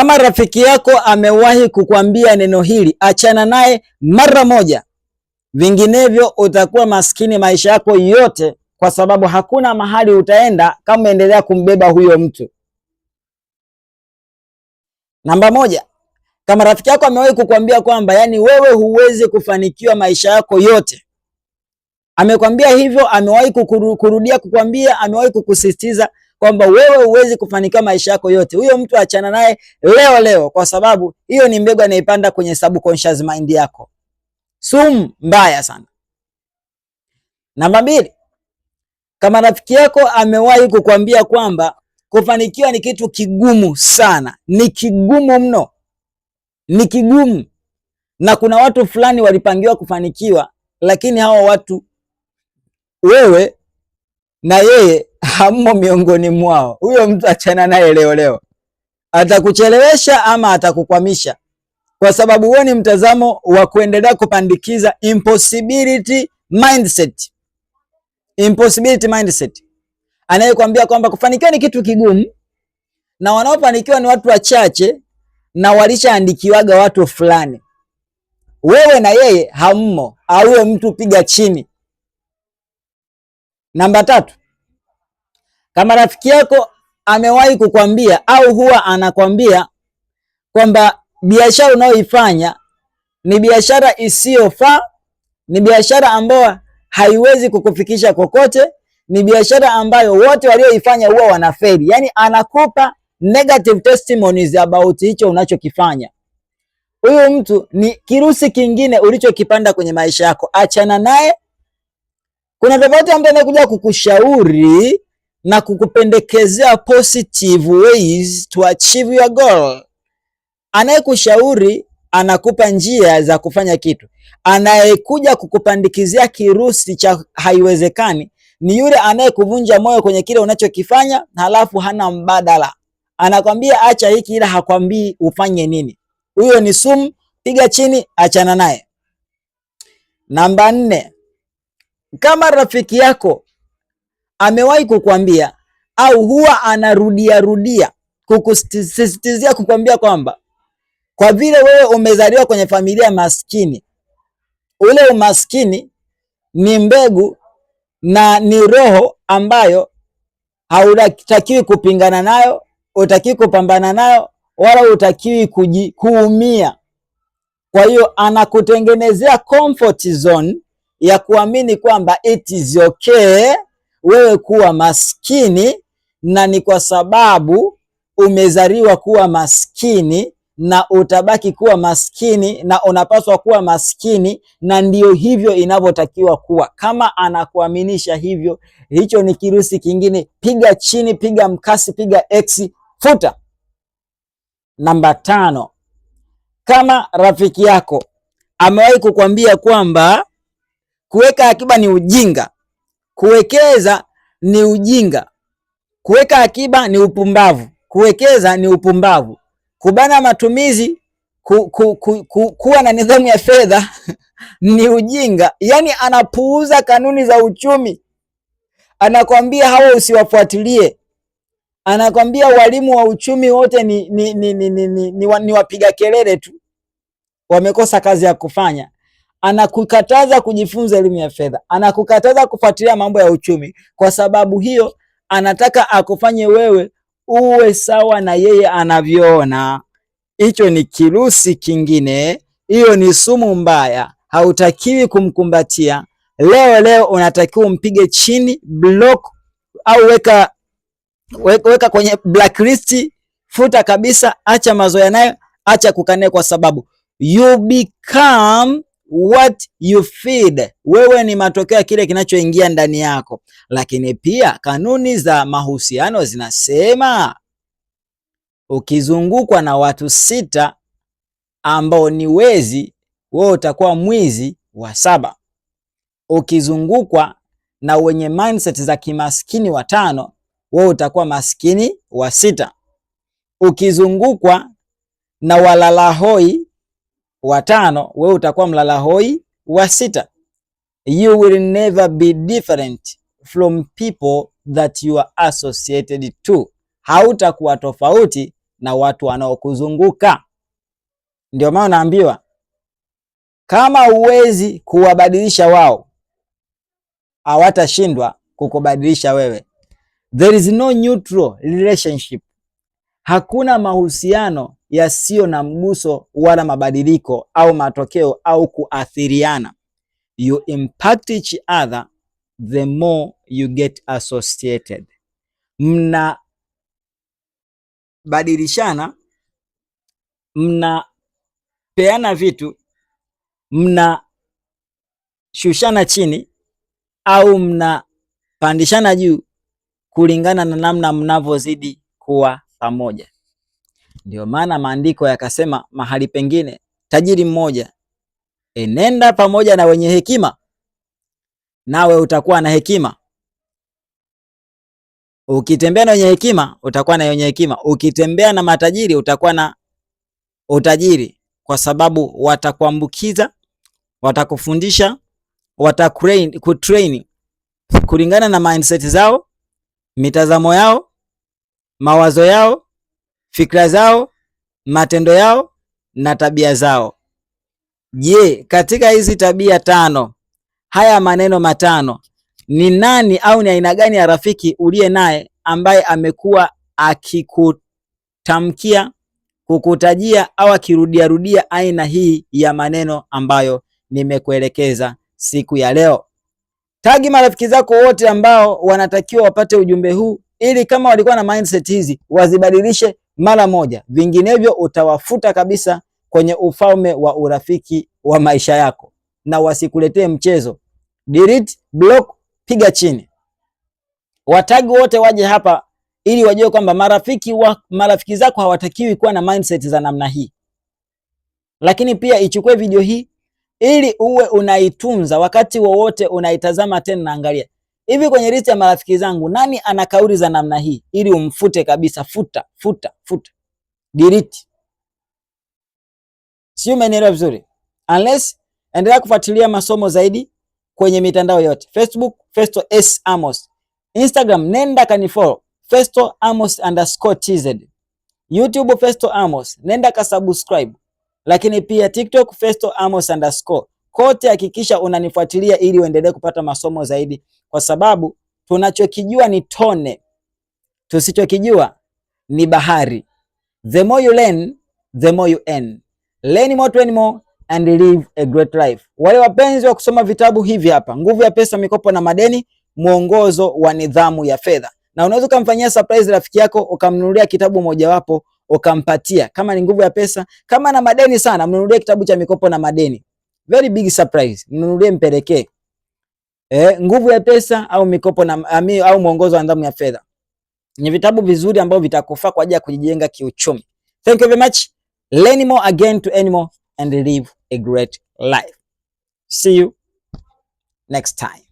Kama rafiki yako amewahi kukwambia neno hili, achana naye mara moja, vinginevyo utakuwa maskini maisha yako yote, kwa sababu hakuna mahali utaenda kama endelea kumbeba huyo mtu. Namba moja, kama rafiki yako amewahi kukwambia kwamba yani wewe huwezi kufanikiwa maisha yako yote, amekwambia hivyo, amewahi kukurudia kukwambia, amewahi kukusisitiza, kwamba wewe huwezi kufanikiwa maisha yako yote, huyo mtu achana naye leo leo, kwa sababu hiyo ni mbegu anaipanda kwenye subconscious mind yako, sumu mbaya sana. Namba mbili, kama rafiki yako amewahi kukwambia kwamba kufanikiwa ni kitu kigumu sana, ni kigumu mno, ni kigumu na kuna watu fulani walipangiwa kufanikiwa, lakini hawa watu wewe na yeye hammo miongoni mwao. Huyo mtu achana naye leo leo, atakuchelewesha ama atakukwamisha, kwa sababu huo ni mtazamo wa kuendelea kupandikiza impossibility mindset. Impossibility mindset, anayekwambia kwamba kufanikiwa ni kitu kigumu na wanaofanikiwa ni watu wachache na walishaandikiwaga watu fulani. Wewe na yeye hammo, auwe mtu piga chini Namba tatu, kama rafiki yako amewahi kukwambia au huwa anakwambia kwamba biashara unayoifanya ni biashara isiyofaa, ni biashara ambayo haiwezi kukufikisha kokote, ni biashara ambayo wote walioifanya huwa wanafeli, yaani anakupa negative testimonies about hicho unachokifanya. Huyu mtu ni kirusi kingine ulichokipanda kwenye maisha yako, achana naye. Kuna tofauti ya mtu anayekuja kukushauri na kukupendekezea positive ways to achieve your goal. Anayekushauri anakupa njia za kufanya kitu, anayekuja kukupandikizia kirusi cha haiwezekani ni yule anayekuvunja moyo kwenye kile unachokifanya, halafu hana mbadala, anakwambia acha hiki, ila hakwambii ufanye nini. Huyo ni sumu, piga chini, achana naye. Namba nne, kama rafiki yako amewahi kukwambia au huwa anarudia rudia kukusisitizia kukwambia kwamba kwa vile wewe umezaliwa kwenye familia maskini, ule umaskini ni mbegu na ni roho ambayo hautakiwi kupingana nayo, utakiwi kupambana nayo, wala utakiwi kuji kuumia. Kwa hiyo anakutengenezea comfort zone ya kuamini kwamba it is okay wewe kuwa maskini, na ni kwa sababu umezaliwa kuwa maskini na utabaki kuwa maskini na unapaswa kuwa maskini, na ndiyo hivyo inavyotakiwa kuwa. Kama anakuaminisha hivyo, hicho ni kirusi kingine. Piga chini, piga mkasi, piga x, futa. Namba tano, kama rafiki yako amewahi kukwambia kwamba Kuweka akiba ni ujinga, kuwekeza ni ujinga, kuweka akiba ni upumbavu, kuwekeza ni upumbavu, kubana matumizi ku, ku, ku, ku, kuwa na nidhamu ya fedha ni ujinga. Yaani anapuuza kanuni za uchumi, anakwambia hawa usiwafuatilie, anakwambia walimu wa uchumi wote ni, ni, ni, ni, ni, ni, ni, ni wapiga kelele tu, wamekosa kazi ya kufanya anakukataza kujifunza elimu ya fedha, anakukataza kufuatilia mambo ya uchumi. Kwa sababu hiyo, anataka akufanye wewe uwe sawa na yeye anavyoona. Hicho ni kirusi kingine, hiyo ni sumu mbaya, hautakiwi kumkumbatia. Leo leo unatakiwa umpige chini, block au weka, weka, kwenye blacklist, futa kabisa, acha mazoea nayo, acha kukane, kwa sababu you become what you feed, wewe ni matokeo ya kile kinachoingia ndani yako. Lakini pia kanuni za mahusiano zinasema ukizungukwa na watu sita ambao ni wezi, wewe utakuwa mwizi wa saba. Ukizungukwa na wenye mindset za kimaskini watano, wewe utakuwa maskini wa sita. Ukizungukwa na walalahoi wa tano, wewe utakuwa mlala hoi wa sita. You will never be different from people that you are associated to. Hautakuwa tofauti na watu wanaokuzunguka. Ndio maana naambiwa kama huwezi kuwabadilisha wao, hawatashindwa kukubadilisha wewe. There is no neutral relationship. Hakuna mahusiano yasiyo na mguso wala mabadiliko au matokeo au kuathiriana. You impact each other the more you get associated. Mnabadilishana, mnapeana vitu, mnashushana chini au mnapandishana juu kulingana na namna mnavyozidi kuwa pamoja. Ndio maana maandiko yakasema mahali pengine, tajiri mmoja, enenda pamoja na wenye hekima, nawe utakuwa na hekima. Ukitembea na wenye hekima, utakuwa na wenye hekima. Ukitembea na matajiri, utakuwa na utajiri, kwa sababu watakuambukiza, watakufundisha, watakutrain kulingana na mindset zao, mitazamo yao mawazo yao, fikra zao, matendo yao na tabia zao. Je, katika hizi tabia tano, haya maneno matano, ni nani au ni aina gani ya rafiki uliye naye ambaye amekuwa akikutamkia, kukutajia au akirudiarudia aina hii ya maneno ambayo nimekuelekeza siku ya leo? Tagi marafiki zako wote ambao wanatakiwa wapate ujumbe huu ili kama walikuwa na mindset hizi wazibadilishe mara moja, vinginevyo utawafuta kabisa kwenye ufalme wa urafiki wa maisha yako na wasikuletee mchezo. Delete, block, piga chini. Watagi wote waje hapa ili wajue kwamba marafiki wa, marafiki zako hawatakiwi kuwa na mindset za namna hii. Lakini pia ichukue video hii ili uwe unaitunza, wakati wowote unaitazama tena, naangalia Hivi kwenye list ya marafiki zangu nani ana kauli za namna hii ili umfute kabisa? Futa, futa, futa. Delete. Si umenielewa vizuri? Unless endelea kufuatilia masomo zaidi kwenye mitandao yote. Facebook Festo S Amos. Instagram nenda kanifollow Festo Amos underscore TZ. YouTube Festo Amos, nenda kasubscribe. Lakini pia TikTok Festo Amos underscore kote, hakikisha unanifuatilia ili uendelee kupata masomo zaidi, kwa sababu tunachokijua ni tone, tusichokijua ni bahari. The more you learn, the more you earn. Learn more to earn more and live a great life. Wale wapenzi wa kusoma vitabu hivi hapa, Nguvu ya Pesa, Mikopo na Madeni, Mwongozo wa Nidhamu ya Fedha, na unaweza ukamfanyia surprise rafiki yako ukamnunulia kitabu mojawapo ukampatia, kama ni Nguvu ya Pesa, kama na madeni sana, mnunulie kitabu cha Mikopo na Madeni very big surprise, mnunulie mpelekee. Eh, nguvu ya pesa au mikopo na ami, au mwongozo wa nidhamu ya fedha ni vitabu vizuri ambavyo vitakufaa kwa ajili ya kujijenga kiuchumi. Thank you very much. Learn more again to earn more and live a great life. See you next time.